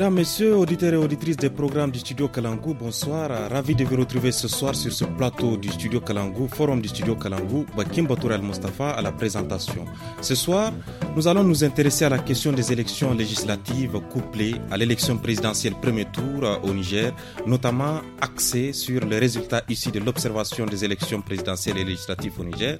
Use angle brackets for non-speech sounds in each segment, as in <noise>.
Mesdames, Messieurs, auditeurs et auditrices des programmes du Studio Kalangou, bonsoir. Ravi de vous retrouver ce soir sur ce plateau du Studio Kalangou, forum du Studio Kalangou, Bakim Batour El Mustafa à la présentation. Ce soir, nous allons nous intéresser à la question des élections législatives couplées à l'élection présidentielle premier tour euh, au Niger, notamment axée sur les résultats issus de l'observation des élections présidentielles et législatives au Niger.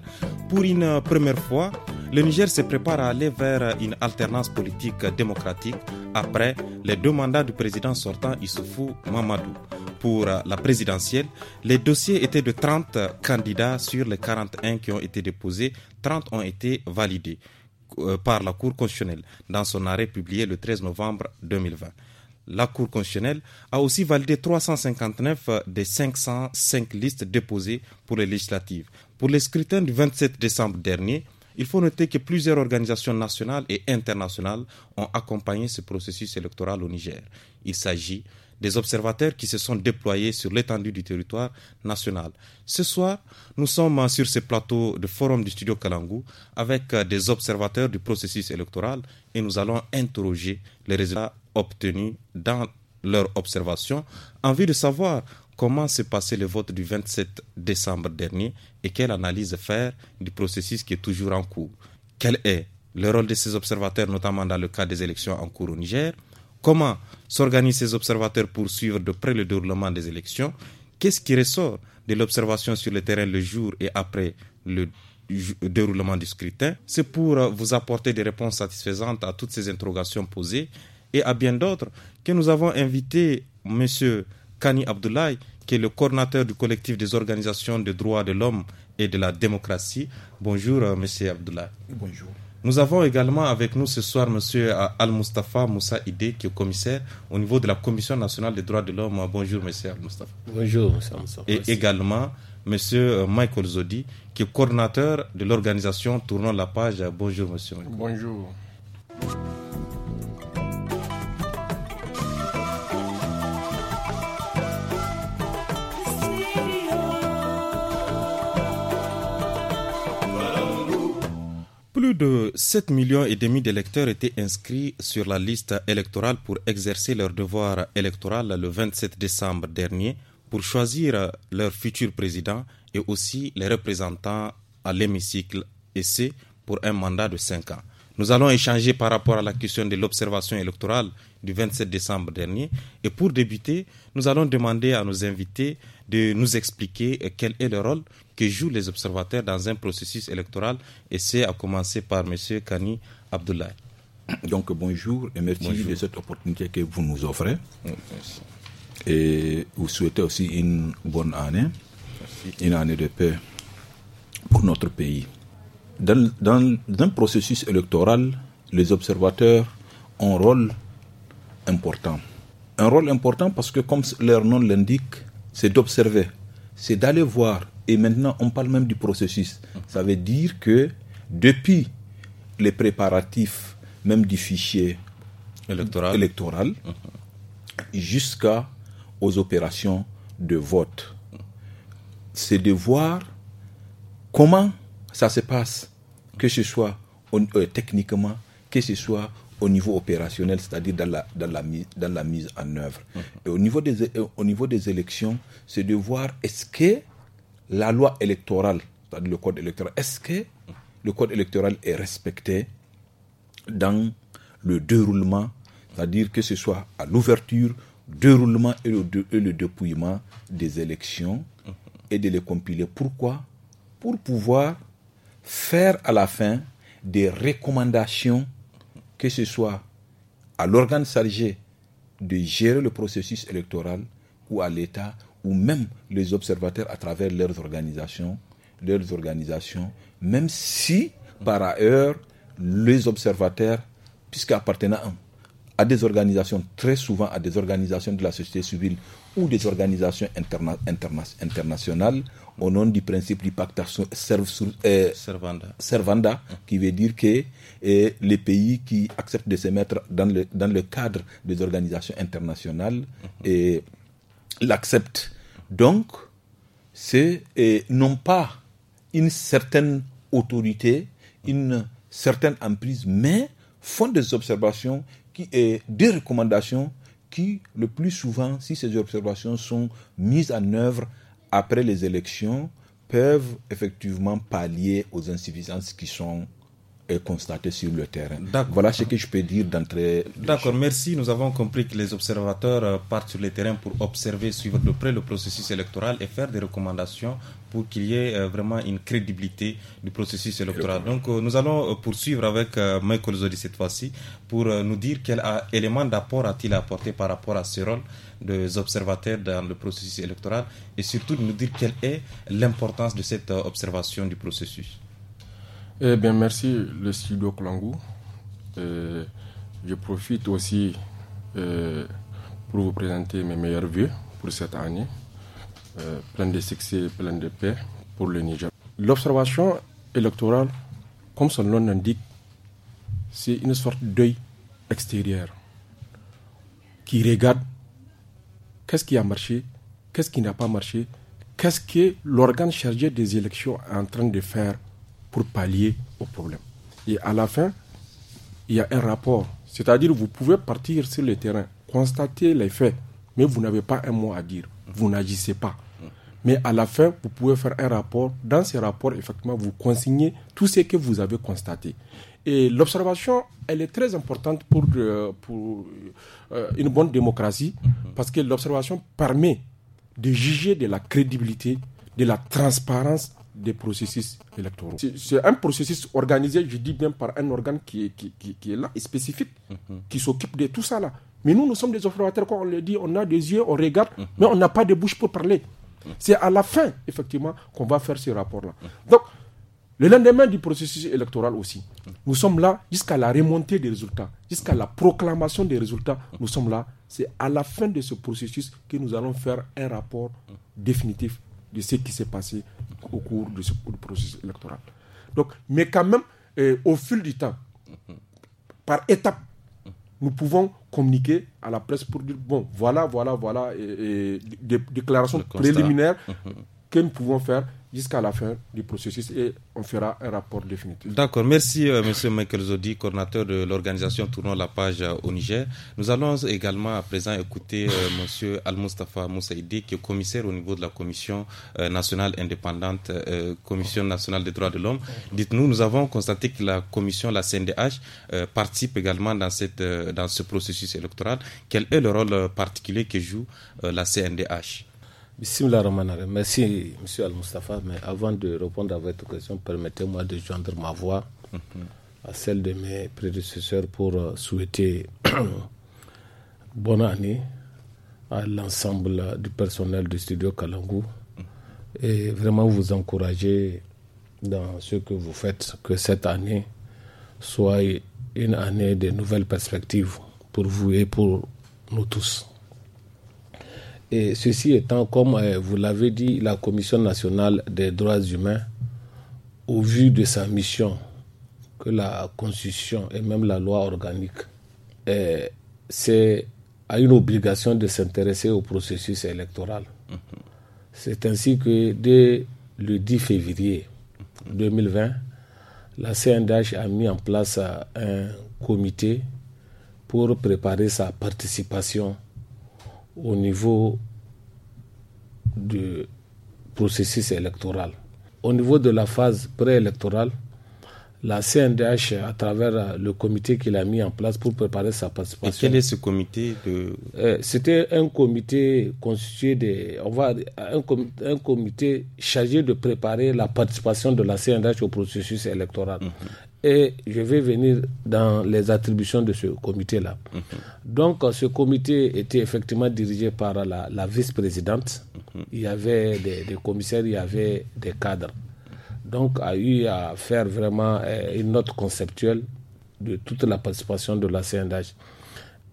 Pour une euh, première fois, le Niger se prépare à aller vers une alternance politique démocratique après les deux mandat du président sortant Issoufou Mamadou. Pour la présidentielle, les dossiers étaient de 30 candidats sur les 41 qui ont été déposés, 30 ont été validés euh, par la Cour constitutionnelle dans son arrêt publié le 13 novembre 2020. La Cour constitutionnelle a aussi validé 359 des 505 listes déposées pour les législatives. Pour les scrutins du 27 décembre dernier, il faut noter que plusieurs organisations nationales et internationales ont accompagné ce processus électoral au Niger. Il s'agit des observateurs qui se sont déployés sur l'étendue du territoire national. Ce soir, nous sommes sur ce plateau de forum du studio Kalangu avec euh, des observateurs du processus électoral et nous allons interroger les résultats obtenus dans leurs observations en vue de savoir comment s'est passé le vote du 27 décembre dernier et quelle analyse faire du processus qui est toujours en cours. Quel est le rôle de ces observateurs, notamment dans le cas des élections en cours au Niger Comment s'organisent ces observateurs pour suivre de près le déroulement des élections Qu'est-ce qui ressort de l'observation sur le terrain le jour et après le déroulement du scrutin C'est pour euh, vous apporter des réponses satisfaisantes à toutes ces interrogations posées et à bien d'autres que nous avons invité M. Kani Abdoulaye, qui est le coordinateur du collectif des organisations des droits de l'homme et de la démocratie. Bonjour, euh, M. Abdullah. Bonjour. Nous avons également avec nous ce soir M. Euh, Al-Mustafa Moussa Ide, qui est commissaire au niveau de la Commission nationale des droits de l'homme. Bonjour, M. Al-Mustafa. Bonjour, M. al Et également M. Euh, Michael Zodi, qui est coordinateur de l'organisation Tournant la page. Bonjour, M. Michael. Bonjour. Plus de 7 millions et demi d'électeurs étaient inscrits sur la liste électorale pour exercer leur devoir électoral le 27 décembre dernier pour choisir leur futur président et aussi les représentants à l'hémicycle et c'est pour un mandat de 5 ans. Nous allons échanger par rapport à la question de l'observation électorale du 27 décembre dernier. Et pour débuter, nous allons demander à nos invités de nous expliquer quel est le rôle que jouent les observateurs dans un processus électoral, et c'est à commencer par Monsieur Kani Abdoulaye. Donc bonjour et merci de cette opportunité que vous nous offrez. et vous souhaitez aussi une bonne année, une année de paix pour notre pays. Dans, dans un processus électoral, les observateurs ont un rôle important. Un rôle important parce que, comme leur nom l'indique, c'est d'observer, c'est d'aller voir et maintenant, on parle même du processus. Ça veut dire que depuis les préparatifs même du fichier électoral, électoral jusqu'aux opérations de vote, c'est de voir comment ça se passe, que ce soit euh, techniquement, que ce soit au niveau opérationnel, c'est-à-dire dans la, mise en œuvre. Mmh. Et euh, au niveau des élections, c'est de voir est-ce que la loi électorale, c'est-à-dire le code électoral, est-ce que le code électoral est respecté dans le déroulement, c'est-à-dire que ce soit à l'ouverture, déroulement et le, dépouillement des élections et de les compiler. Pourquoi Pour pouvoir faire à la fin des recommandations, que ce soit à l'organe chargé de gérer le processus électoral ou à l'État ou même les observateurs à travers leurs organisations, leurs organisations, même si par ailleurs les observateurs, puisqu'appartenant à des organisations, très souvent à des organisations de la société civile ou des organisations internationales, au nom du principe du pacte euh, servanda. qui veut dire que euh, les pays qui acceptent de se mettre dans le, dans le cadre des organisations internationales mm-hmm. et l'accepte Donc, c'est non pas une certaine autorité, une certaine emprise, mais font des observations qui, et des recommandations qui, le plus souvent, si ces observations sont mises en œuvre après les élections, peuvent effectivement pallier aux insuffisances qui sont est sur le terrain. Voilà ce que je peux dire d'entrée. D'accord, merci. Nous avons compris que les observateurs euh, partent sur le terrain pour observer, suivre de près le processus électoral et faire des recommandations pour qu'il y ait euh, vraiment une crédibilité du processus électoral. Donc euh, nous allons poursuivre avec Michael Zodi cette fois-ci pour nous dire quel élément d'apport a-t-il apporté par rapport à ce rôle des observateurs dans le processus électoral et surtout de nous dire quelle est l'importance de cette observation du processus. Eh bien, merci le studio Klangou. Euh, je profite aussi euh, pour vous présenter mes meilleurs vœux pour cette année. Euh, plein de succès, plein de paix pour le Niger. L'observation électorale, comme son nom l'indique, c'est une sorte d'œil extérieur qui regarde qu'est-ce qui a marché, qu'est-ce qui n'a pas marché, qu'est-ce que l'organe chargé des élections est en train de faire pour pallier au problème. Et à la fin, il y a un rapport. C'est-à-dire, vous pouvez partir sur le terrain, constater les faits, mais vous n'avez pas un mot à dire. Vous n'agissez pas. Mais à la fin, vous pouvez faire un rapport. Dans ce rapport, effectivement, vous consignez tout ce que vous avez constaté. Et l'observation, elle est très importante pour, euh, pour euh, une bonne démocratie, parce que l'observation permet de juger de la crédibilité, de la transparence des processus électoraux. C'est un processus organisé, je dis bien, par un organe qui est, qui, est là, et spécifique, mhm. qui s'occupe de tout ça là. Mais nous, nous sommes des observateurs, quand on le dit, on a des yeux, on regarde, mhm. mais on n'a pas de bouche pour parler. Mhm. C'est à la fin, effectivement, qu'on va faire ce rapport-là. Donc, le lendemain du processus électoral aussi, nous sommes là jusqu'à la remontée des résultats, jusqu'à la proclamation des résultats, nous sommes là. C'est à la fin de ce processus que nous allons faire un rapport définitif de ce qui s'est passé au cours de ce processus électoral. Donc, mais quand même, euh, au fil du temps, par étapes, nous pouvons communiquer à la presse pour dire, bon, voilà, voilà, voilà, des déclarations préliminaires mhm que nous pouvons faire jusqu'à la fin du processus et on fera un rapport définitif. D'accord, merci euh, M. Michael Zodi, coordinateur de l'organisation Tournons la page euh, au Niger. Nous allons également à présent écouter euh, <laughs> Monsieur Al-Mustafa Moussaïdi, qui est commissaire au niveau de la Commission nationale indépendante, Commission nationale des droits de l'homme. Dites-nous, nous avons constaté que la Commission, la CNDH, participe également dans ce processus électoral. Quel est le rôle particulier que joue la CNDH Merci, Monsieur Al-Mustafa. Mais avant de répondre à votre question, permettez-moi de joindre ma voix mhm. à celle de mes prédécesseurs pour euh, souhaiter <clears throat> bonne année à l'ensemble du personnel du studio Kalangu mhm. et vraiment vous encourager dans ce que vous faites, que cette année soit une année de nouvelles perspectives pour vous et pour nous tous. Et ceci étant, comme euh, vous l'avez dit, la Commission nationale des droits humains, au vu de sa mission, que la Constitution et même la loi organique, euh, c'est a une obligation de s'intéresser au processus électoral. Mm-hmm. C'est ainsi que dès le 10 février 2020, la CNDH a mis en place euh, un comité pour préparer sa participation au niveau du processus électoral. Au niveau de la phase préélectorale, la CNDH, à travers le comité qu'il a mis en place pour préparer sa participation. Et quel est ce comité de... Euh, c'était un comité constitué de. On va, un, comité chargé de préparer la participation de la CNDH au processus électoral. Mhm et je vais venir dans les attributions de ce comité-là. Mhm. Donc, ce comité était effectivement dirigé par la, vice-présidente. Mhm. Il y avait des, commissaires, il y avait des cadres. Donc, a eu à faire vraiment euh, une note conceptuelle de toute la participation de la CNDH.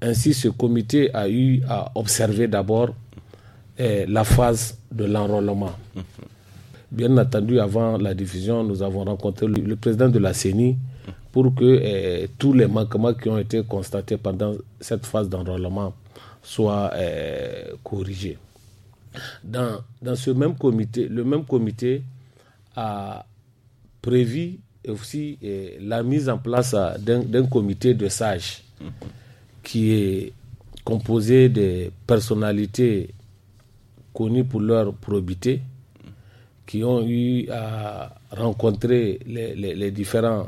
Ainsi, ce comité a eu à observer d'abord euh, la phase de l'enrôlement. Mhm. Bien entendu, avant la diffusion, nous avons rencontré le, président de la CENI pour que eh, tous les manquements qui ont été constatés pendant cette phase d'enrôlement soient eh, corrigés. Dans, dans, ce même comité, le même comité a prévu aussi eh, la mise en place ah, d'un comité de sages qui est composé de personnalités connues pour leur probité, qui ont eu à rencontrer les, différents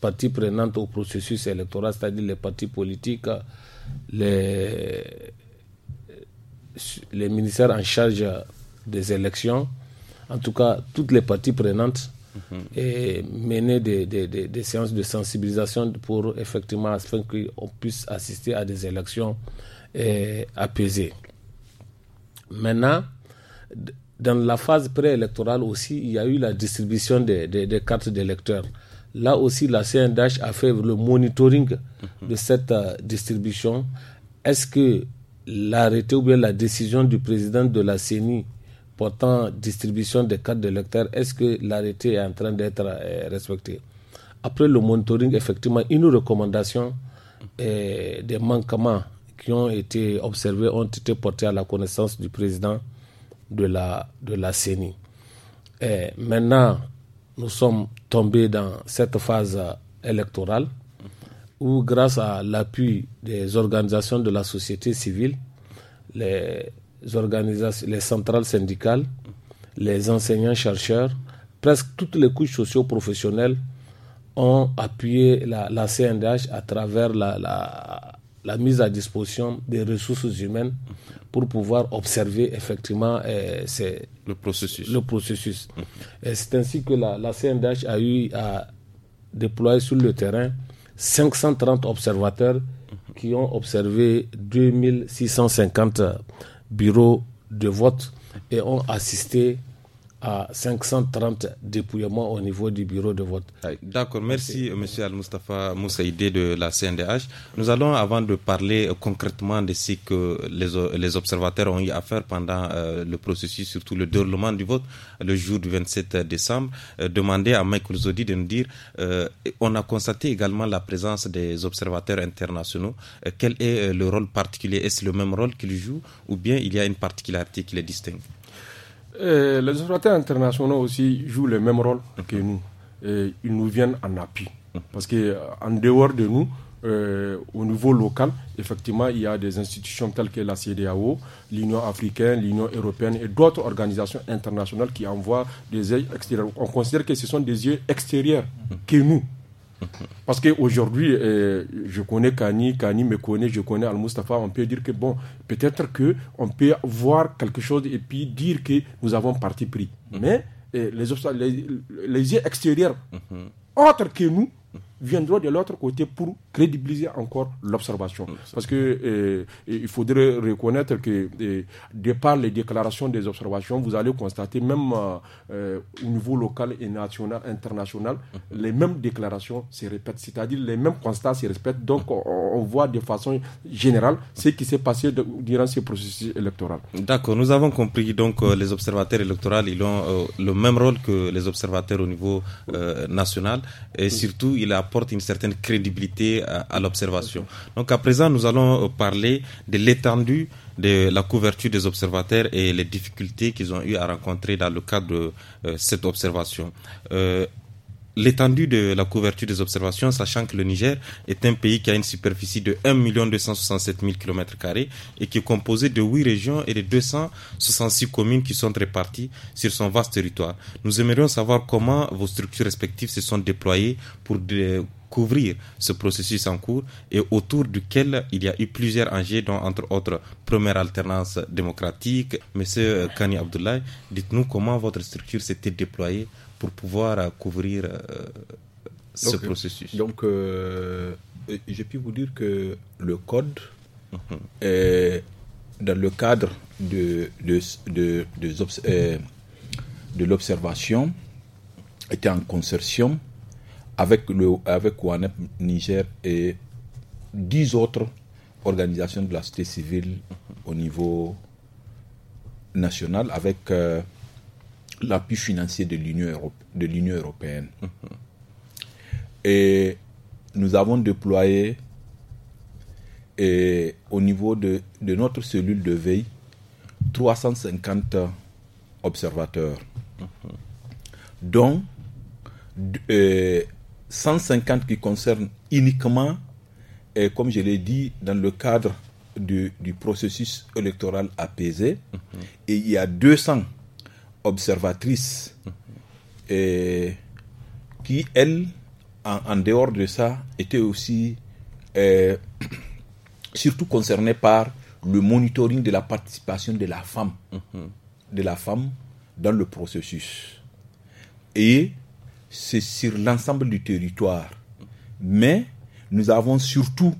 partis prenantes au processus électoral, c'est-à-dire les partis politiques, les, ministères en charge des élections, en tout cas toutes les parties prenantes, mhm. et mener des, séances de sensibilisation pour effectivement afin qu'on puisse assister à des élections apaisées. Maintenant, dans la phase préélectorale aussi, il y a eu la distribution des, des, des cartes d'électeurs. Là aussi, la CNDH a fait le monitoring de cette euh, distribution. Est-ce que l'arrêté ou bien la décision du président de la CENI portant distribution des cartes d'électeurs, est-ce que l'arrêté est en train d'être euh, respecté Après le monitoring, effectivement, une recommandation et euh, des manquements qui ont été observés ont été portés à la connaissance du président de la, de la CENI. Et maintenant, nous sommes tombés dans cette phase électorale où, grâce à l'appui des organisations de la société civile, les, organisations, les centrales syndicales, les enseignants-chercheurs, presque toutes les couches socio-professionnelles ont appuyé la, CNDH à travers la la mise à disposition des ressources humaines pour pouvoir observer effectivement euh, c'est le processus. Le processus. Mm-hmm. C'est ainsi que la, la, CNDH a eu à déployer sur le terrain 530 observateurs mm-hmm. qui ont observé 2650 bureaux de vote et ont assisté à 530 dépouillements au niveau du bureau de vote. D'accord, merci M. Al-Mustafa Moussaïdé de la CNDH. Nous allons, avant de parler concrètement de ce que les, observateurs ont eu à faire pendant euh, le processus, surtout le déroulement du vote le jour du 27 décembre, euh, demander à Michael Zodi de nous dire, euh, on a constaté également la présence des observateurs internationaux. quel est le rôle particulier Est-ce le même rôle qu'ils jouent ou bien il y a une particularité qui les distingue euh, les observateurs internationaux aussi jouent le même rôle que nous. ils nous viennent en appui. Parce qu'en dehors de nous, euh, au niveau local, effectivement, il y a des institutions telles que la CDAO, l'Union africaine, l'Union européenne et d'autres organisations internationales qui envoient des yeux extérieurs. On considère que ce sont des yeux extérieurs que nous. Parce qu'aujourd'hui, euh, je connais Kani, Kani me connaît, je connais Al-Mustafa. On peut dire que, bon, peut-être qu'on peut voir quelque chose et puis dire que nous avons parti pris. Mhm. Mais euh, les yeux extérieurs, mhm. autres que nous, mhm viendront de l'autre côté pour crédibiliser encore l'observation. Parce que euh, il faudrait reconnaître que, euh, de par les déclarations des observations, vous allez constater, même euh, au niveau local et national, international, mm-hmm. les mêmes déclarations se répètent, c'est-à-dire les mêmes constats se répètent. Donc, mm-hmm. on, voit de façon générale ce qui s'est passé durant ces processus électoraux. D'accord, nous avons compris. Donc, les observateurs électoraux, ils ont le même rôle que les observateurs au niveau national. Et mm-hmm. surtout, il a apporte une certaine crédibilité à, l'observation. Donc à présent, nous allons euh, parler de l'étendue de la couverture des observateurs et les difficultés qu'ils ont eu à rencontrer dans le cadre de euh, cette observation. Euh, l'étendue de la couverture des observations, sachant que le Niger est un pays qui a une superficie de 1 267 000 km2 et qui est composé de 8 régions et de 266 communes qui sont réparties sur son vaste territoire. Nous aimerions savoir comment vos structures respectives se sont déployées pour couvrir ce processus en cours et autour duquel il y a eu plusieurs enjeux, dont entre autres première alternance démocratique. Monsieur Kani Abdoulaye, dites-nous comment votre structure s'était déployée pour pouvoir euh, couvrir euh, ce processus. Donc, euh, j'ai pu vous dire que le code mhm. est dans le cadre de, de, de, l'observation était en concertion avec, le, avec OANEP Niger et dix autres organisations de la société civile au niveau national avec l'appui financier de l'Union européenne. Hum, hum. Et nous avons déployé et au niveau de, notre cellule de veille 350 observateurs, hum, dont euh, 150 qui concernent uniquement, et comme je l'ai dit, dans le cadre du, processus électoral apaisé, et il y a 200 observatrice qui, elle, en, dehors de ça, était aussi euh, <clears throat> surtout concernée par le monitoring de la participation de la femme, de la femme dans le processus. Et c'est sur l'ensemble du territoire. Mais nous avons surtout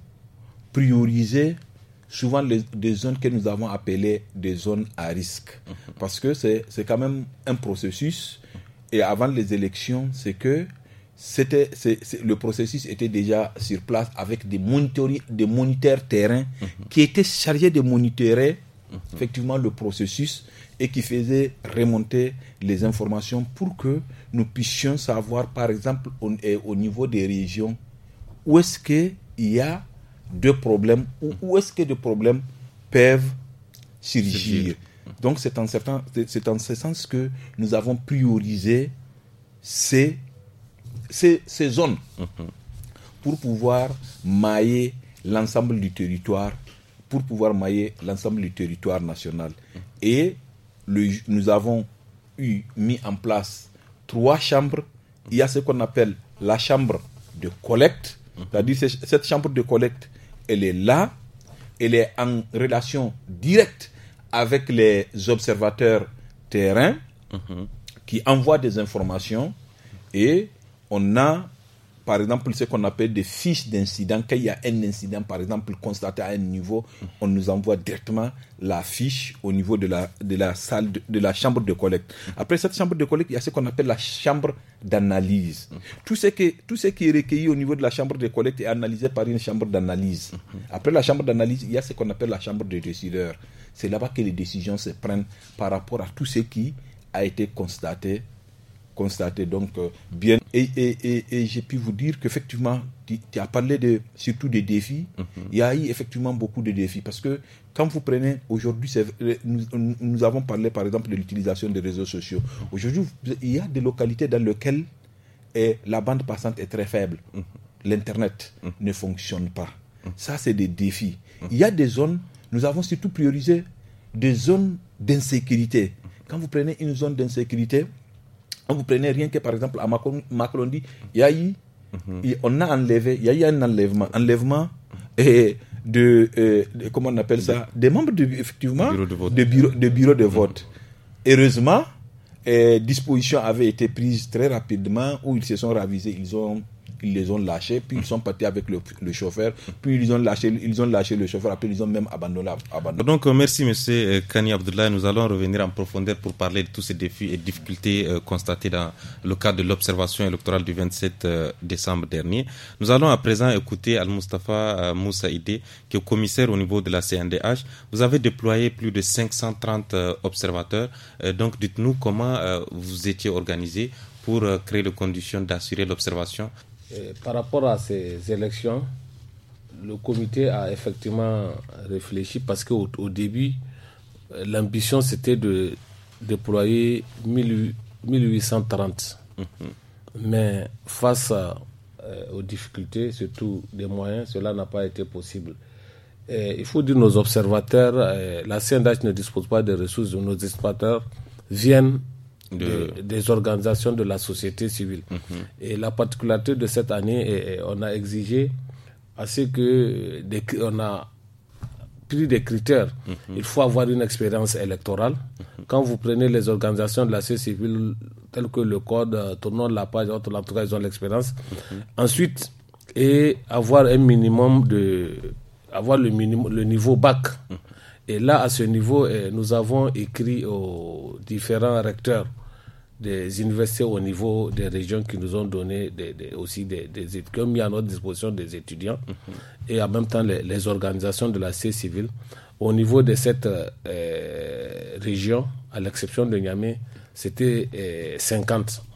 priorisé souvent des zones que nous avons appelées des zones à risque. Mhm. Parce que c'est quand même un processus. Et avant les élections, c'est que c'était le processus était déjà sur place avec des, des moniteurs terrain mhm. qui étaient chargés de monitorer mhm. effectivement le processus et qui faisaient remonter les informations pour que nous puissions savoir, par exemple, au, au niveau des régions, où est-ce qu'il y a de problèmes ou où est-ce que des problèmes peuvent surgir. Donc c'est en, en, ce sens que nous avons priorisé ces, ces, zones mm-hmm. pour pouvoir mailler l'ensemble du territoire, pour pouvoir mailler l'ensemble du territoire national. Mm-hmm. Et le, nous avons eu mis en place trois chambres. Il y a ce qu'on appelle la chambre de collecte, mm-hmm. c'est-à-dire cette chambre de collecte elle est là, elle est en relation directe avec les observateurs terrain mhm. qui envoient des informations et on a par exemple, ce qu'on appelle des fiches d'incidents. Quand il y a un incident, par exemple, constaté à un niveau, on nous envoie directement la fiche au niveau de la, de la salle, de, la chambre de collecte. Après cette chambre de collecte, il y a ce qu'on appelle la chambre d'analyse. Tout, ce que, tout ce qui est recueilli au niveau de la chambre de collecte est analysé par une chambre d'analyse. Après la chambre d'analyse, il y a ce qu'on appelle la chambre des décideurs. C'est là-bas que les décisions se prennent par rapport à tout ce qui a été constaté constater. Donc, euh, bien. Et, et, et, j'ai pu vous dire qu'effectivement, tu, tu, as parlé de, surtout des défis. Mhm. Il y a eu effectivement beaucoup de défis. Parce que quand vous prenez, aujourd'hui, euh, nous, avons parlé par exemple de l'utilisation des réseaux sociaux. Aujourd'hui, il y a des localités dans lesquelles et eh, la bande passante est très faible. Mhm. L'Internet mhm. ne fonctionne pas. Ça, c'est des défis. Il y a des zones, nous avons surtout priorisé des zones d'insécurité. Quand vous prenez une zone d'insécurité, vous prenez rien que, par exemple, à Macron, dit, mhm. il y a eu, on a enlevé, il y a eu un enlèvement. Enlèvement et de, euh, comment on appelle ça, des membres, de, effectivement, de, de, bureau, de mhm. vote. Heureusement, euh, disposition avait été prise très rapidement où ils se sont ravisés. Ils ont ils les ont lâchés, puis ils mm. sont partis avec le, chauffeur, puis ils ont lâché, ils ont lâché le chauffeur, après ils ont même abandonné. Donc euh, merci Monsieur euh, Kani Abdullah, nous allons revenir en profondeur pour parler de tous ces défis et difficultés euh, constatés dans le cadre de l'observation électorale du 27 décembre dernier. Nous allons à présent écouter Al Mustafa Moussaïdé, qui est commissaire au niveau de la CNDH. Vous avez déployé plus de 530 observateurs. donc dites-nous comment vous étiez organisé pour créer les conditions d'assurer l'observation par rapport à ces élections, le comité a effectivement réfléchi parce qu'au au début, euh, l'ambition c'était de déployer 1830. Mhm. Mais face euh, aux difficultés, surtout des moyens, cela n'a pas été possible. il faut dire nos observateurs, euh, la CNDH ne dispose pas des ressources, nos observateurs viennent des, organisations de la société civile. Mhm. Et la particularité de cette année, est, on a exigé à ce que on a pris des critères. Mhm. Il faut avoir une expérience électorale. Mhm. Quand vous prenez les organisations de la société civile, tel que le Code, euh, tournant la page, en tout cas, ils ont l'expérience. Ensuite, et avoir un minimum de. avoir le, minimum, le niveau bac. Et là, à ce niveau, eh, nous avons écrit aux différents recteurs des universités au niveau des régions qui nous ont donné aussi des, étudiants qui ont mis à notre disposition des étudiants mhm. et en même temps les, organisations de la société civile. Au niveau de cette euh, euh, région, à l'exception de Niamey, c'était 50. Euh,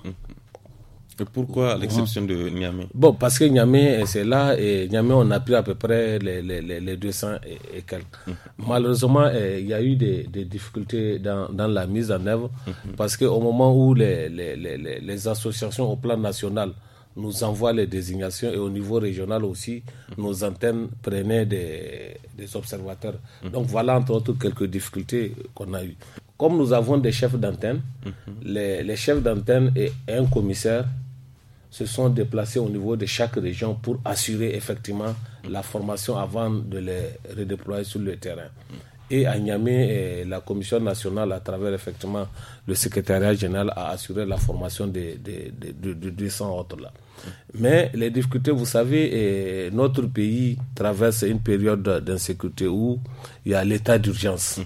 et pourquoi l'exception de Niamey Bon, parce que Niamey, eh, c'est là, et Niamey, on a pris à peu près les, les, les 200 et, quelques. Mm-hmm. Malheureusement, eh, il y a eu des, des difficultés dans, dans, la mise en œuvre, mm-hmm. parce qu'au moment où les, les, associations au plan national nous envoient les désignations et au niveau régional aussi, mm-hmm. nos antennes prenaient des, des observateurs. Donc voilà entre autres quelques difficultés qu'on a eues. Comme nous avons des chefs d'antenne, les, les, chefs d'antenne et un commissaire se sont déplacés au niveau de chaque région pour assurer effectivement la formation avant de les redéployer sur le terrain. Et à Niamey, eh, la Commission nationale, à travers effectivement le secrétariat général, a assuré la formation de, de, de, 200 autres là. Mais les difficultés, vous savez, eh, notre pays traverse une période d'insécurité où il y a l'état d'urgence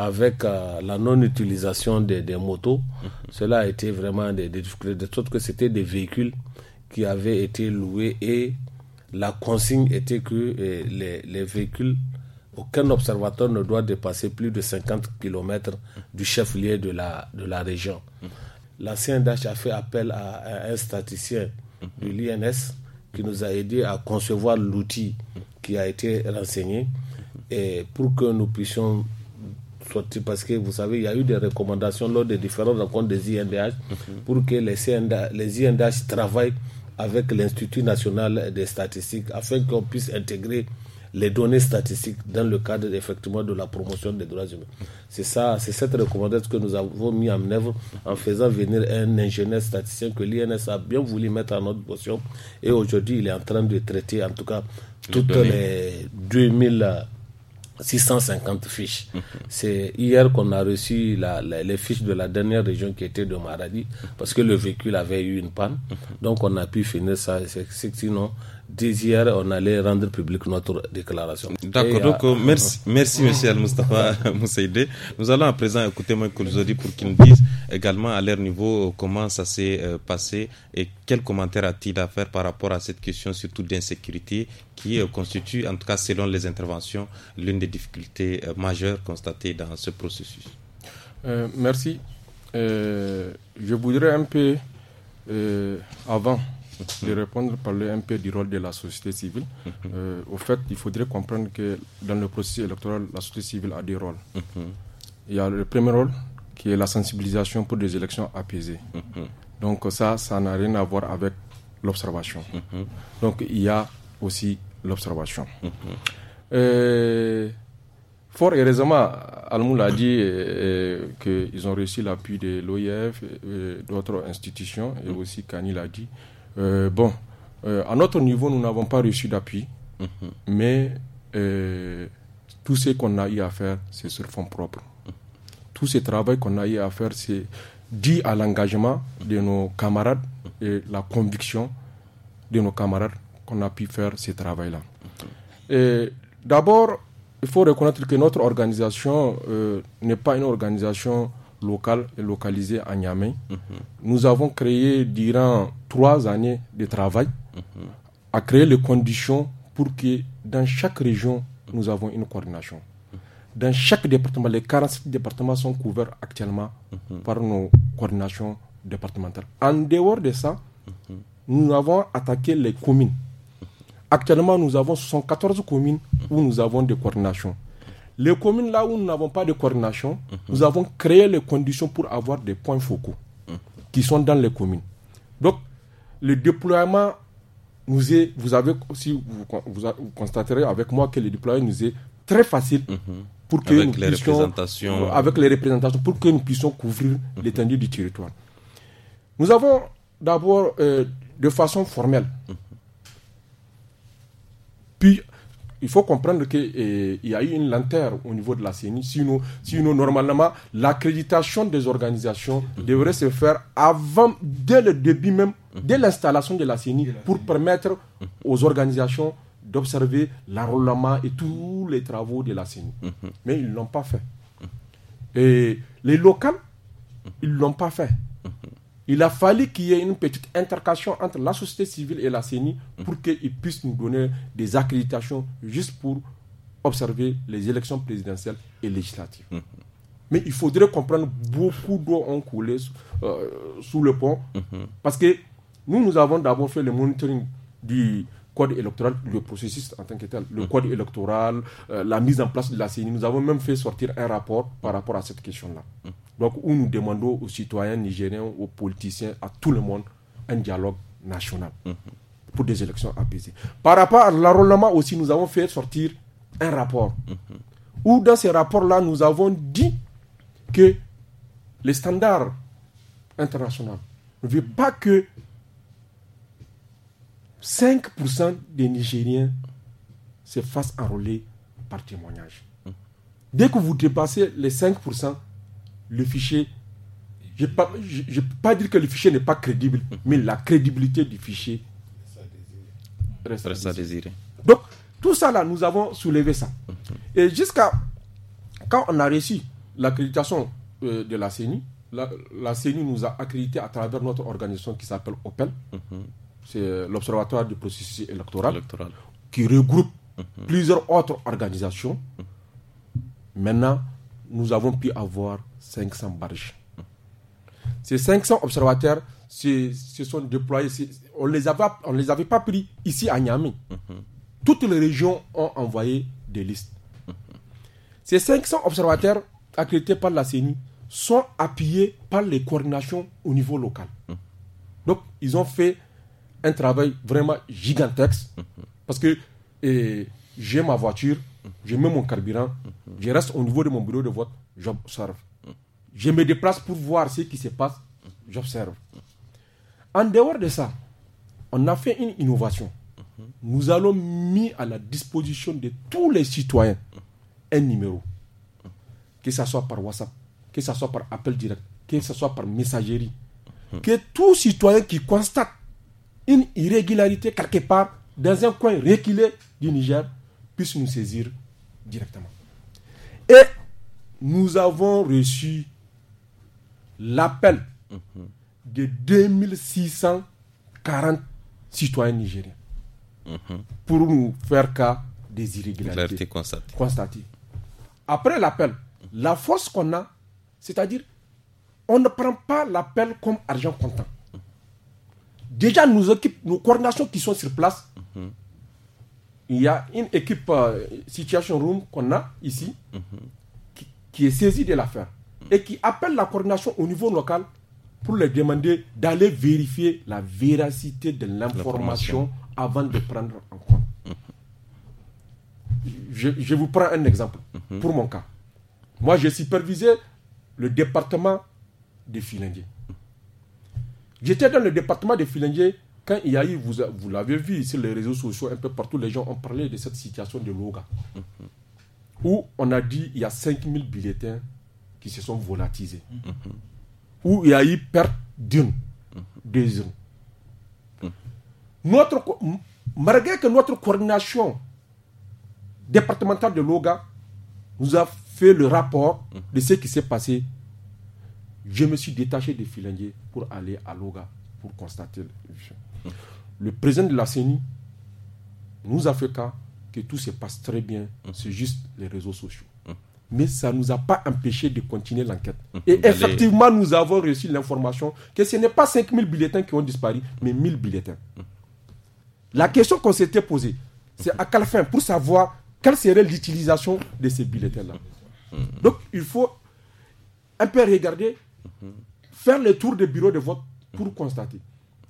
avec euh, la non-utilisation des, motos, cela a été vraiment des, difficultés, de que c'était des véhicules qui avaient été loués et la consigne était que euh, les, véhicules, aucun observateur ne doit dépasser plus de 50 km du chef-lieu de la, de la région. La CNDH a fait appel à, un statisticien de l'INS qui nous a aidé à concevoir l'outil qui a été renseigné et pour que nous puissions parce que vous savez, il y a eu des recommandations lors des différentes rencontres des INDH pour que les, INDH travaillent avec l'Institut national des statistiques afin qu'on puisse intégrer les données statistiques dans le cadre effectivement de la promotion des droits humains. C'est ça, c'est cette recommandation que nous avons mis en œuvre en faisant venir un ingénieur statisticien que l'INS a bien voulu mettre en notre position et aujourd'hui il est en train de traiter en tout cas toutes les 2000 650 fiches. C'est hier qu'on a reçu les fiches de la dernière région qui était de Maradi, parce que le véhicule avait eu une panne. Donc on a pu finir ça. Sinon, désir, on allait rendre public notre déclaration. D'accord, donc euh, merci, merci monsieur Al-Mustafa <laughs> Moussaïde. Nous allons à présent écouter Moïse Koulzodi pour qu'il nous dise également à leur niveau euh, comment ça s'est euh, passé et quel commentaire a-t-il à faire par rapport à cette question surtout d'insécurité qui constitue, en tout cas selon les interventions, l'une des difficultés majeures constatées dans ce processus. merci. je voudrais un peu avant de répondre, parler un peu du rôle de la société civile. Mhm. Euh, au fait, il faudrait comprendre que dans le processus électoral, la société civile a des rôles. Mhm. Il y a le premier rôle qui est la sensibilisation pour des élections apaisées. Mhm. Donc ça, ça n'a rien à voir avec l'observation. Donc il y a aussi l'observation. Euh, Fort heureusement, Almoul a dit euh, qu'ils ont reçu l'appui de l'OIF, et d'autres institutions, et aussi Kani l'a dit. Euh, bon, euh, à notre niveau, nous n'avons pas reçu d'appui, mhm. mais euh, tout ce qu'on a eu à faire, c'est sur fond propre. Mhm. Tout ce travail qu'on a eu à faire, c'est dû à l'engagement de nos camarades mhm. et la conviction de nos camarades qu'on a pu faire ce travail-là. D'abord, il faut reconnaître que notre organisation n'est pas une organisation local et localisé à Niamey. Mhm. Nous avons créé durant trois années de travail mhm. à créer les conditions pour que dans chaque région, nous avons une coordination. Mhm. Dans chaque département, les 47 départements sont couverts actuellement par nos coordinations départementales. En dehors de ça, nous avons attaqué les communes. Actuellement, nous avons 74 communes où nous avons des coordinations. Les communes là où nous n'avons pas de coordination, nous avons créé les conditions pour avoir des points focaux qui sont dans les communes. Donc, le déploiement nous est, vous avez, aussi, vous, constaterez avec moi que le déploiement nous est très facile pour que avec nous les puissions, avec les représentations, pour que nous puissions couvrir l'étendue du territoire. Nous avons d'abord, euh, de façon formelle, puis il faut comprendre qu'il euh, il y a eu une lenteur au niveau de la CENI. Sinon, sinon normalement, l'accréditation des organisations devrait se faire avant, dès le début même, dès l'installation de la CENI, pour permettre aux organisations d'observer l'enrôlement et tous les travaux de la CENI. Mhm. Mais ils ne l'ont pas fait. Et les locales, ils ne l'ont pas fait. Il a fallu qu'il y ait une petite intercation entre la société civile et la CENI pour mm. qu'ils puissent nous donner des accréditations juste pour observer les élections présidentielles et législatives. Mm. Mais il faudrait comprendre beaucoup d'eau ont coulé euh, sous le pont mm-hmm. parce que nous, nous avons d'abord fait le monitoring du, électoral, le processus en tant que tel, le code électoral, euh, la mise en place de la CENI. Nous avons même fait sortir un rapport par rapport à cette question-là. Donc, où nous demandons aux citoyens nigériens, aux politiciens, à tout le monde, un dialogue national pour des élections apaisées. Par rapport à l'enrôlement aussi, nous avons fait sortir un rapport où, dans ces rapports là nous avons dit que les standards internationaux ne veulent pas que 5% des Nigériens se fassent enrôler par témoignage. Dès que vous dépassez les 5%, le fichier, je ne peux, pas dire que le fichier n'est pas crédible, mais la crédibilité du fichier reste, à désirer. Donc, tout ça là, nous avons soulevé ça. Et jusqu'à quand on a reçu l'accréditation euh, de la CENI, la, CENI nous a accrédité à travers notre organisation qui s'appelle OPEL, mhm c'est euh, l'Observatoire du processus électoral, qui regroupe mhm. plusieurs autres organisations. Maintenant, nous avons pu avoir 500 barges. Ces 500 observateurs se sont déployés. On ne les, avait, pas pris ici à Niamey. Mhm. Toutes les régions ont envoyé des listes. Mhm. Ces 500 observateurs accrédités par la CENI sont appuyés par les coordinations au niveau local. Donc, ils ont fait un travail vraiment gigantesque. Parce que j'ai ma voiture, je mets mon carburant, je reste au niveau de mon bureau de vote, j'observe. Je me déplace pour voir ce qui se passe, j'observe. En dehors de ça, on a fait une innovation. Nous allons mis à la disposition de tous les citoyens un numéro, que ce soit par WhatsApp, que ce soit par appel direct, que ce soit par messagerie, que tout citoyen qui constate une irrégularité quelque part dans un coin reculé du Niger puisse nous saisir directement. Et nous avons reçu l'appel de 2640 citoyens nigériens pour nous faire cas des irrégularités constatées. Après l'appel, la force qu'on a, c'est-à-dire, on ne prend pas l'appel comme argent comptant déjà nous nos coordinations qui sont sur place. Il y a une équipe euh, Situation Room qu'on a ici qui, est saisie de l'affaire et qui appelle la coordination au niveau local pour leur demander d'aller vérifier la véracité de l'information avant de prendre en compte. je, vous prends un exemple pour mon cas. Moi, j'ai supervisé le département des filindi. J'étais dans le département de Filengé quand il y a eu, vous, vous l'avez vu sur les réseaux sociaux, un peu partout, les gens ont parlé de cette situation de Loga. Mhm. Où on a dit il y a 5000 bulletins qui se sont volatilisés. Mhm. Où il y a eu perte d'une, mhm. deux Notre, malgré que notre coordination départementale de Loga nous a fait le rapport de ce qui s'est passé je me suis détaché de Filangier pour aller à Loga pour constater le Le président de la CENI nous a fait cas que tout se passe très bien, c'est juste les réseaux sociaux. Mais ça ne nous a pas empêché de continuer l'enquête. Et effectivement, nous avons reçu l'information que ce n'est pas 5000 bulletins qui ont disparu, mais 1000 bulletins. La question qu'on s'était posée, c'est à quelle fin Pour savoir quelle serait l'utilisation de ces bulletins-là. Mm. Donc, il faut un peu regarder faire le tour des bureaux de vote pour constater.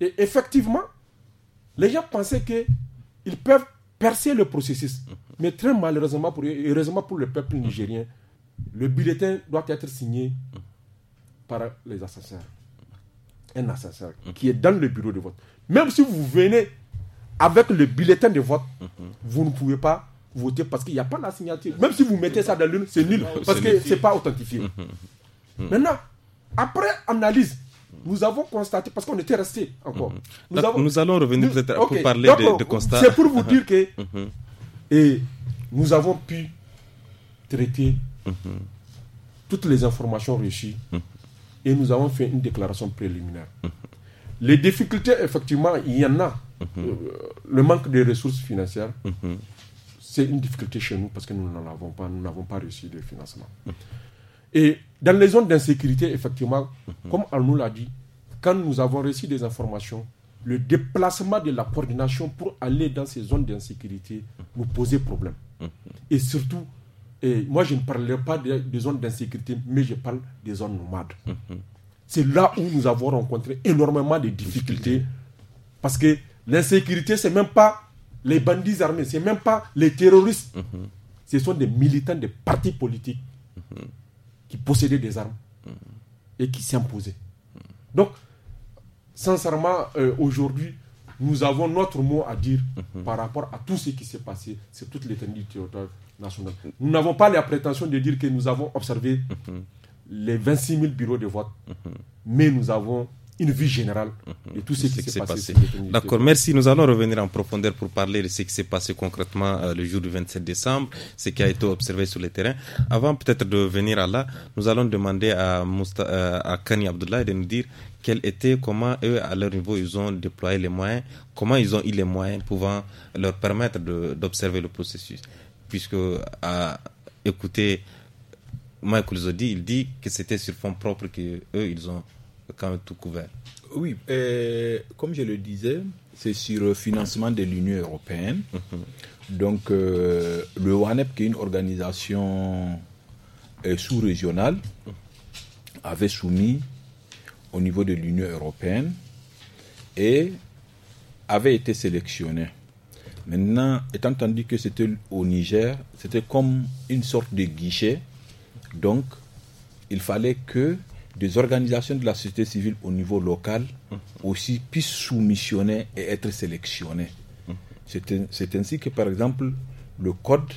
Et effectivement, les gens pensaient qu'ils peuvent percer le processus. Mais très malheureusement pour pour le peuple nigérien, le bulletin doit être signé par les assassins. Un assassin qui est dans le bureau de vote. Même si vous venez avec le bulletin de vote, vous ne pouvez pas voter parce qu'il n'y a pas la signature. Même si vous mettez ça dans l'une, c'est nul ah parce que ce n'est pas authentifié. Mhm. Maintenant, après analyse, nous avons constaté, parce qu'on était resté encore. Mhm. Nous, allons revenir pour parler de, constats. C'est pour vous dire que <laughs> mhm. et nous avons pu traiter mhm. toutes les informations reçues et nous avons fait une déclaration préliminaire. Les difficultés, effectivement, il y en a. Euh, le manque de ressources financières, c'est une difficulté chez nous parce que nous n'en avons pas, nous n'avons pas reçu de financement. Et dans les zones d'insécurité, effectivement, comme on nous l'a dit, quand nous avons reçu des informations, le déplacement de la coordination pour aller dans ces zones d'insécurité nous posait problème. Et surtout, moi je ne parlerai pas des, zones d'insécurité, mais je parle des zones nomades. C'est là où nous avons rencontré énormément de difficultés. Parce que l'insécurité, ce n'est même pas les bandits armés, ce n'est même pas les terroristes. Mhm. Ce sont des militants des partis politiques mhm qui possédaient des armes et qui s'imposaient. Donc, sincèrement, euh, aujourd'hui, nous avons notre mot à dire mhm. par rapport à tout ce qui s'est passé sur toute l'étendue du territoire national. Nous n'avons pas la prétention de dire que nous avons observé mhm. les 26 000 bureaux de vote, mhm. mais nous avons une vue générale mhm. de tout ce, qui s'est passé. D'accord, merci. Nous allons revenir en profondeur pour parler de ce qui s'est passé concrètement euh, le jour du 27 décembre, ce qui a été observé sur le terrain. Avant peut-être de venir à là, nous allons demander à, euh, à Kani Abdullah de nous dire quel était, comment eux, à leur niveau, ils ont déployé les moyens, comment ils ont eu les moyens pouvant leur permettre d'observer le processus. Puisque à écouter Michael Zodi, il dit que c'était sur fond propre que eux ils ont quand tout couvert. Oui, euh, comme je le disais, c'est sur le financement de l'Union européenne. Mhm. Donc, euh, le ONEP, qui est une organisation euh, sous-régionale, avait soumis au niveau de l'Union européenne et avait été sélectionné. Maintenant, étant entendu que c'était au Niger, c'était comme une sorte de guichet. Donc, il fallait que des organisations de la société civile au niveau local aussi puissent soumissionner et être sélectionnées. C'est ainsi que, par exemple, le Code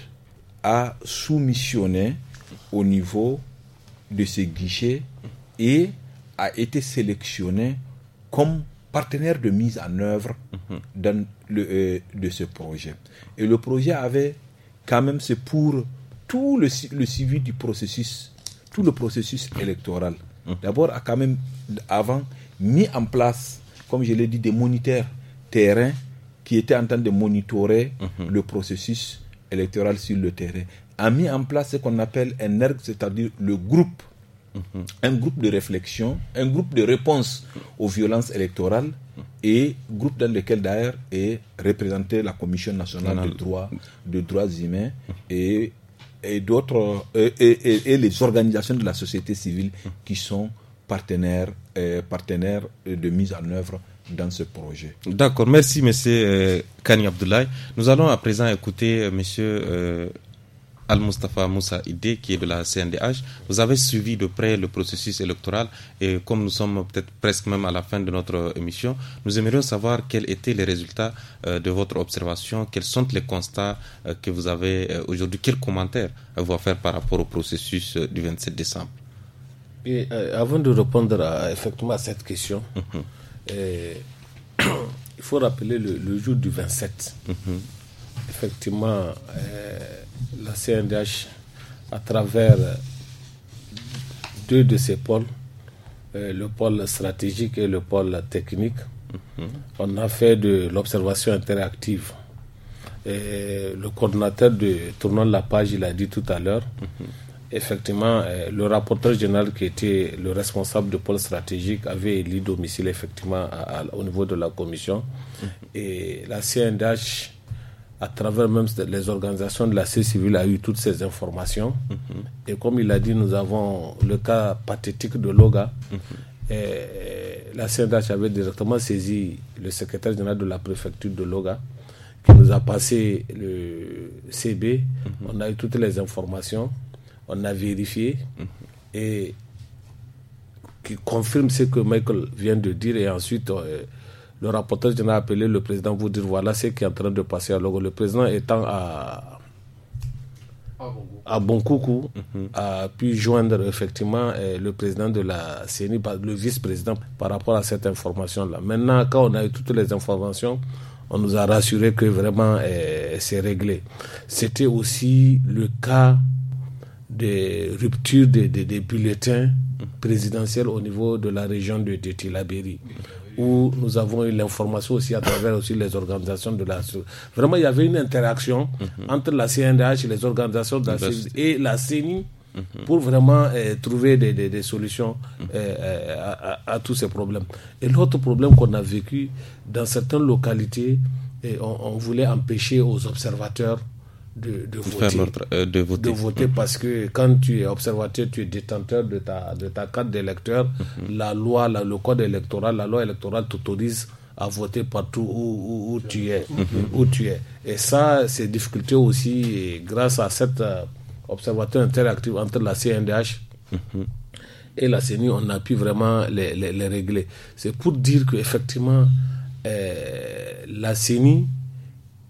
a soumissionné au niveau de ses guichets et a été sélectionné comme partenaire de mise en œuvre euh, de ce projet. Et le projet avait quand même, c'est pour tout le, le suivi du processus, tout le processus électoral. Hum. d'abord a quand même avant mis en place, comme je l'ai dit, des moniteurs terrain qui étaient en train de monitorer hum, hum. le processus électoral sur le terrain, a mis en place ce qu'on appelle un ERG, c'est-à-dire le groupe, un groupe de réflexion, un groupe de réponse aux violences électorales et groupe dans lequel d'ailleurs est représentée la Commission nationale des droits, de droits humains et et d'autres euh, et, les organisations de la société civile qui sont partenaires, euh, partenaires de mise en œuvre dans ce projet. D'accord, merci Monsieur euh, Kani Abdoulaye. Nous allons à présent écouter Monsieur Al-Mustafa Moussa Idé, qui est de la CNDH. Vous avez suivi de près le processus électoral et comme nous sommes peut-être presque même à la fin de notre émission, nous aimerions savoir quels étaient les résultats euh, de votre observation, quels sont les constats euh, que vous avez euh, aujourd'hui, quels commentaires vous à faire par rapport au processus du 27 décembre. Et, avant de répondre à, effectivement à cette question, <laughs> mhm. <coughs> il faut rappeler le, jour du 27. Mhm. Effectivement, la CNDH, à travers deux de ses pôles, euh, le pôle stratégique et le pôle technique, mhm. on a fait de l'observation interactive. le coordinateur de Tournant la page, il a dit tout à l'heure, mhm. effectivement, euh, le rapporteur général qui était le responsable du pôle stratégique avait élu domicile effectivement au niveau de la commission. Mhm. Et la CNDH à travers même les organisations de la société civile, a eu toutes ces informations. Mhm. Et comme il a dit, nous avons le cas pathétique de Loga. Mhm. et la CNDH avait directement saisi le secrétaire général de la préfecture de Loga, qui nous a passé le CB. Mhm. On a eu toutes les informations, on a vérifié et qui confirme ce que Michael vient de dire. Et ensuite, euh, le rapporteur général a appelé le président vous dire voilà ce qui est en train de passer alors Le président étant à, à Bonkoukou mhm. a pu joindre effectivement eh, le président de la CNI, le vice-président, par rapport à cette information-là. Maintenant, quand on a eu toutes les informations, on nous a rassuré que vraiment eh, c'est réglé. C'était aussi le cas des ruptures des, des, bulletins présidentiels au niveau de la région de, de où nous avons eu l'information aussi à travers aussi les organisations de la Vraiment, il y avait une interaction mhm. entre la CNDH et les organisations de la et la CENI mhm. pour vraiment euh, trouver des, des, solutions mhm. euh, euh, à, tous ces problèmes. Et l'autre problème qu'on a vécu dans certaines localités, et on, voulait empêcher aux observateurs euh, de, de voter, de, voter. Mm-hmm. parce que quand tu es observateur, tu es détenteur de ta, de ta carte d'électeur. Mm-hmm. La loi, le code électoral, la loi électorale t'autorise à voter partout où, où, tu es, mm-hmm. où tu es. Et ça, c'est difficulté aussi, grâce à cet euh, observateur interactif entre la CNDH et la CENI, on a pu vraiment les, les, régler. C'est pour dire qu'effectivement, euh, la CENI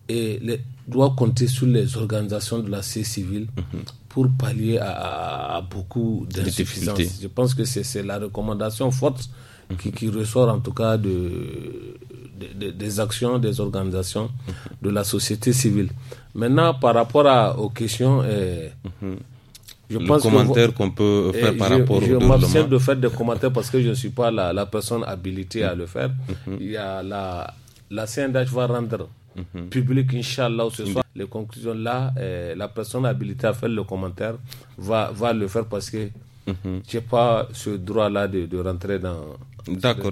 et les doit compter sur les organisations de la société civile pour pallier à, beaucoup beaucoup d'insuffisances. Je pense que c'est la recommandation forte qui, ressort en tout cas de, des actions des organisations de la société civile. Maintenant, par rapport à, aux questions... pense euh, je le commentaire qu'on peut eh, faire par rapport je au Je m'abstiens de faire des commentaires parce que je ne suis pas la, personne habilitée à le faire. Il y a la, la CNDH va rendre Mhm. public, Inch'Allah, ce soit, Les conclusions là, euh, la personne habilitée à faire le commentaire va, va le faire parce que tu mhm. je n'ai pas ce droit-là de, de rentrer dans. D'accord.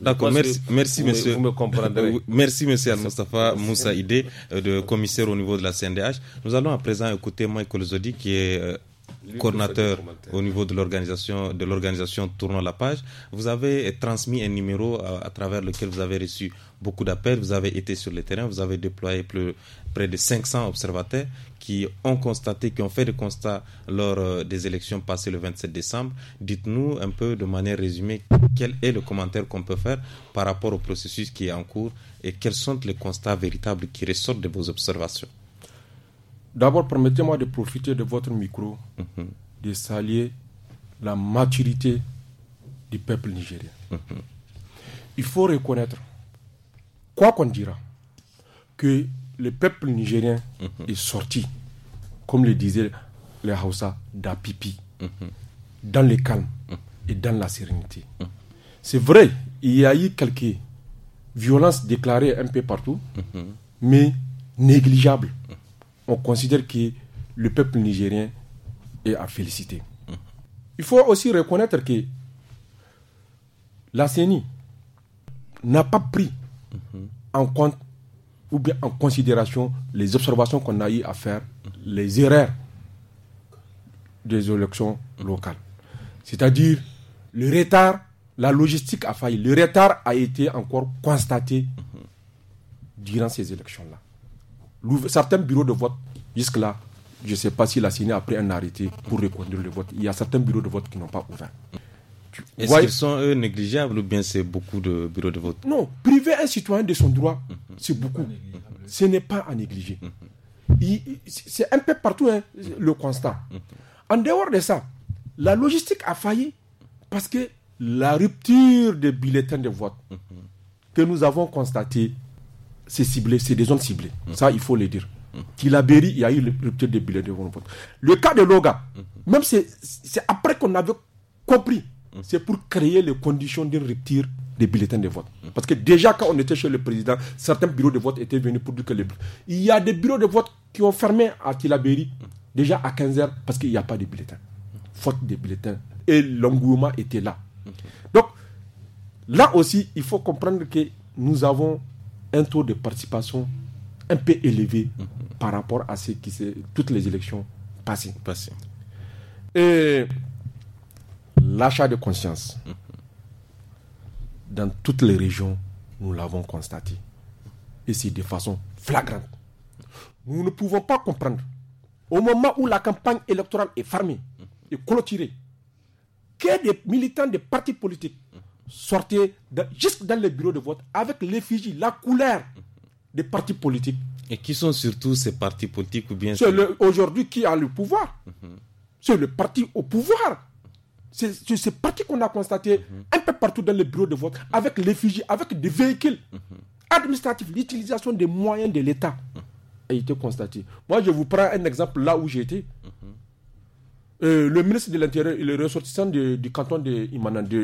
D'accord. Merci, merci, monsieur. vous me comprendrez. <laughs> Merci, monsieur Al-Mustafa Moussaïde, euh, de commissaire au niveau de la CNDH. Nous allons à présent écouter Michael Zodi, qui est euh, Coordonnateur au niveau de l'organisation de l'organisation Tournons la page. Vous avez transmis un numéro à, travers lequel vous avez reçu beaucoup d'appels, vous avez été sur le terrain, vous avez déployé près de 500 observateurs qui ont constaté, qui ont fait des constats lors euh, des élections passées le 27 décembre. Dites-nous un peu de manière résumée quel est le commentaire qu'on peut faire par rapport au processus qui est en cours et quels sont les constats véritables qui ressortent de vos observations. D'abord, permettez-moi de profiter de votre micro, mhm. de saluer la maturité du peuple nigérien. Mhm. Il faut reconnaître, quoi qu'on dira, que le peuple nigérien mhm. est sorti, comme le disait le Hausa, d'Apipi, dans le calme et dans la sérénité. C'est vrai, il y a eu quelques violences déclarées un peu partout, mais négligeables on considère que le peuple nigérien est à féliciter. Mmh. Il faut aussi reconnaître que la CENI n'a pas pris mmh. en compte ou bien en considération les observations qu'on a eu à faire, mmh. les erreurs des élections locales. C'est-à-dire le retard, la logistique a failli. Le retard a été encore constaté durant ces élections-là certains bureaux de vote, jusque-là, je ne sais pas s'il a signé après un arrêté pour reconduire le vote. Il y a certains bureaux de vote qui n'ont pas ouvert. Est-ce qu'ils sont négligeables ou bien c'est beaucoup de bureaux de vote Non, priver un citoyen de son droit, c'est beaucoup. Ce n'est pas à négliger. C'est un peu partout hein, le constat. En dehors de ça, la logistique a failli parce que la rupture des bulletins de vote que nous avons constatée c'est ciblé, c'est des zones ciblées. Ça, il faut le dire. Mmh. il y a eu le rupture de billets de vote. Le cas de Loga, même c'est après qu'on avait compris, c'est pour créer les conditions d'une rupture des bulletins de vote. Parce que déjà, quand on était chez le président, certains bureaux de vote étaient venus pour dire que les... Il y a des bureaux de vote qui ont fermé à Tilaberi déjà à 15h parce qu'il n'y a pas de bulletins. Faute des bulletins. Et l'engouement était là. Donc, là aussi, il faut comprendre que nous avons un taux de participation un peu élevé mhm. par rapport à ce qui toutes les élections passées. Et l'achat de conscience mhm. dans toutes les régions, nous l'avons constaté. Et c'est de façon flagrante. Nous ne pouvons pas comprendre. Au moment où la campagne électorale est fermée et clôturée, que des militants des partis politiques sortez jusque dans les bureaux de vote avec l'effigie, la couleur des partis politiques. Et qui sont surtout ces partis politiques ou bien C'est aujourd'hui qui a le pouvoir. C'est le parti au pouvoir. C'est ce parti qu'on a constaté un peu partout dans les bureaux de vote avec l'effigie, avec des véhicules administratifs, l'utilisation des moyens de l'État a été constatée. Moi, je vous prends un exemple là où j'étais. Euh, le ministre de l'Intérieur et le ressortissant du canton de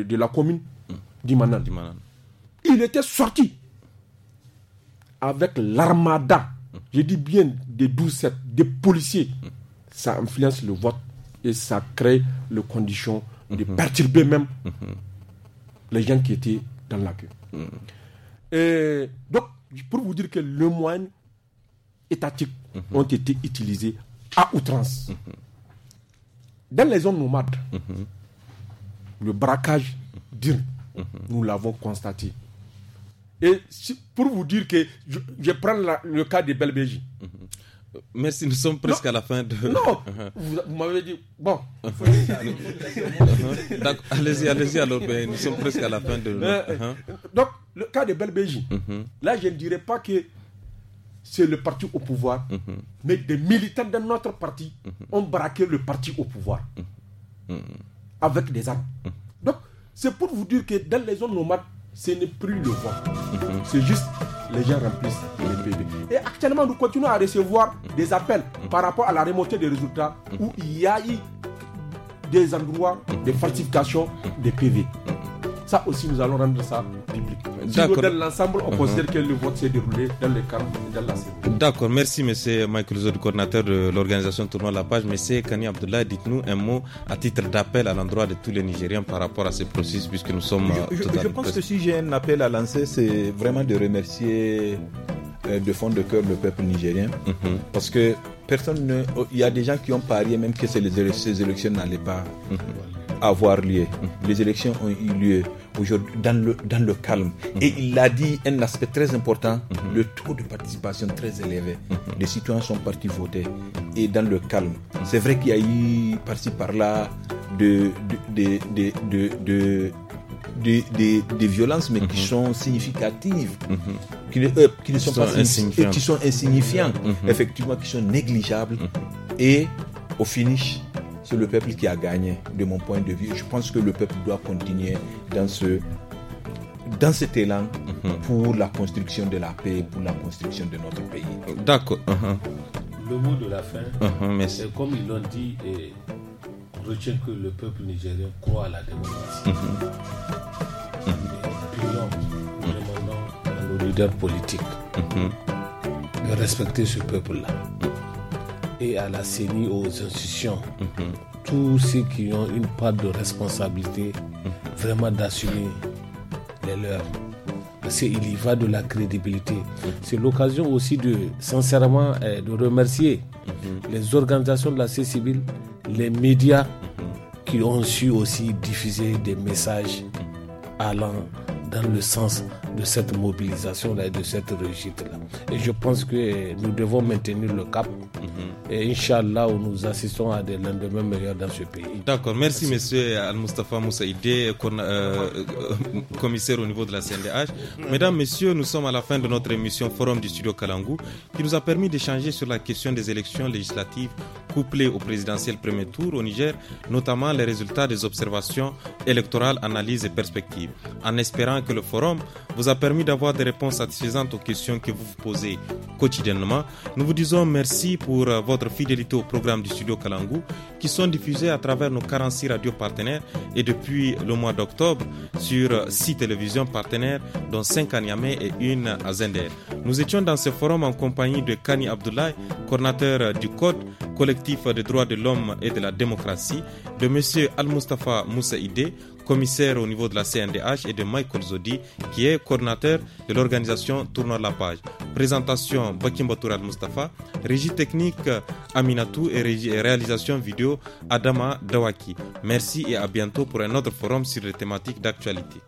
de, la commune mmh. d'Imanan. Il était sorti avec l'armada, mmh. je dis bien des 12 des policiers. Mmh. Ça influence le vote et ça crée les conditions de perturber même les gens qui étaient dans la queue. donc, pour vous dire que les moyens étatiques ont été utilisés à outrance. Dans les zones nomades, mhm. le braquage d'îles, mhm. nous l'avons constaté. Et pour vous dire que je, prends le cas de belle Mm si Merci, nous sommes presque à la fin de. Non Vous, m'avez dit. Bon. allez-y, allez-y à nous sommes presque à la fin de. donc, le cas de Belbéji, mhm. là, je ne dirais pas que c'est le parti au pouvoir. Mm-hmm. Mais des militants de notre parti mm-hmm. ont braqué le parti au pouvoir mm-hmm. avec des armes. Donc, c'est pour vous dire que dans les zones nomades, ce n'est plus le voie C'est juste les gens remplissent les PV. Et actuellement, nous continuons à recevoir des appels par rapport à la remontée des résultats où il y a eu des endroits de falsification des PV aussi nous allons rendre ça public. D'accord. Dans l'ensemble, on uh-huh. que le vote dans les D'accord, merci Monsieur Michael Zod, coordinateur de l'organisation Tournoi la Page. M. Kani Abdullah, dites-nous un mot à titre d'appel à l'endroit de tous les Nigériens par rapport à ce processus, puisque nous sommes. Je, euh, pense que si j'ai un appel à lancer, c'est vraiment de remercier euh, de fond de cœur le peuple nigérien, mhm. parce que personne ne, oh, il y a des gens qui ont parié même que ces élections n'allaient pas. Mhm. avoir lieu. Mhm. Les élections ont eu lieu dans le, dans le calme. Mhm. Et il a dit un aspect très important, mhm. le taux de participation très élevé. Mhm. Les citoyens sont partis voter et dans le calme. C'est vrai qu'il y a eu par-ci par-là de, de, de, de des, de violences, mais qui sont significatives, qui, ne, euh, qui ne sont, pas insignifiantes, qui sont insignifiantes, effectivement, qui sont négligeables. Et au finish, c'est le peuple qui a gagné, de mon point de vue. Je pense que le peuple doit continuer dans ce dans cet élan mhm. pour la construction de la paix, pour la construction de notre pays. D'accord. Uh-huh. Le mot de la fin, uh-huh, c'est comme ils l'ont dit, et retiens que le peuple nigérien croit à la démocratie. Mm -hmm. demandons à nos leaders politiques mhm. de respecter ce peuple-là et à la CENI, aux institutions, tous ceux qui ont une part de responsabilité, vraiment d'assumer les leurs. Parce qu'il y va de la crédibilité. C'est l'occasion aussi de, sincèrement, euh, de remercier les organisations de la société civile, les médias qui ont su aussi diffuser des messages allant dans le sens de cette mobilisation-là et de cette réussite-là. Et je pense que nous devons maintenir le cap. Mhm. Et Inch'Allah, nous assistons à des lendemains meilleurs dans ce pays. D'accord. Merci, monsieur Al-Mustafa Moussaïde euh, euh, commissaire au niveau de la CNDH. Mesdames, messieurs, nous sommes à la fin de notre émission Forum du studio Kalangou qui nous a permis d'échanger sur la question des élections législatives couplé au présidentiel premier tour au Niger, notamment les résultats des observations électorales, analyses et perspectives, en espérant que le forum vous a permis d'avoir des réponses satisfaisantes aux questions que vous vous posez quotidiennement. Nous vous disons merci pour euh, votre fidélité au programme du studio Kalangu qui sont diffusés à travers nos 46 radios partenaires et depuis le mois d'octobre sur 6 euh, télévisions partenaires dont 5 à Niamey et une à Zender. Nous étions dans ce forum en compagnie de Kani Abdoulaye, coordinateur euh, du Code collectif des droits de l'homme et de la démocratie, de M. Al-Mustafa Moussaïde, commissaire au niveau de la CNDH, et de Michael Zodi, qui est coordinateur de l'organisation de la page. Présentation Bakim Batoura Al-Mustafa, régie technique Aminatou et, et réalisation vidéo Adama Dawaki. Merci et à bientôt pour un autre forum sur les thématiques d'actualité.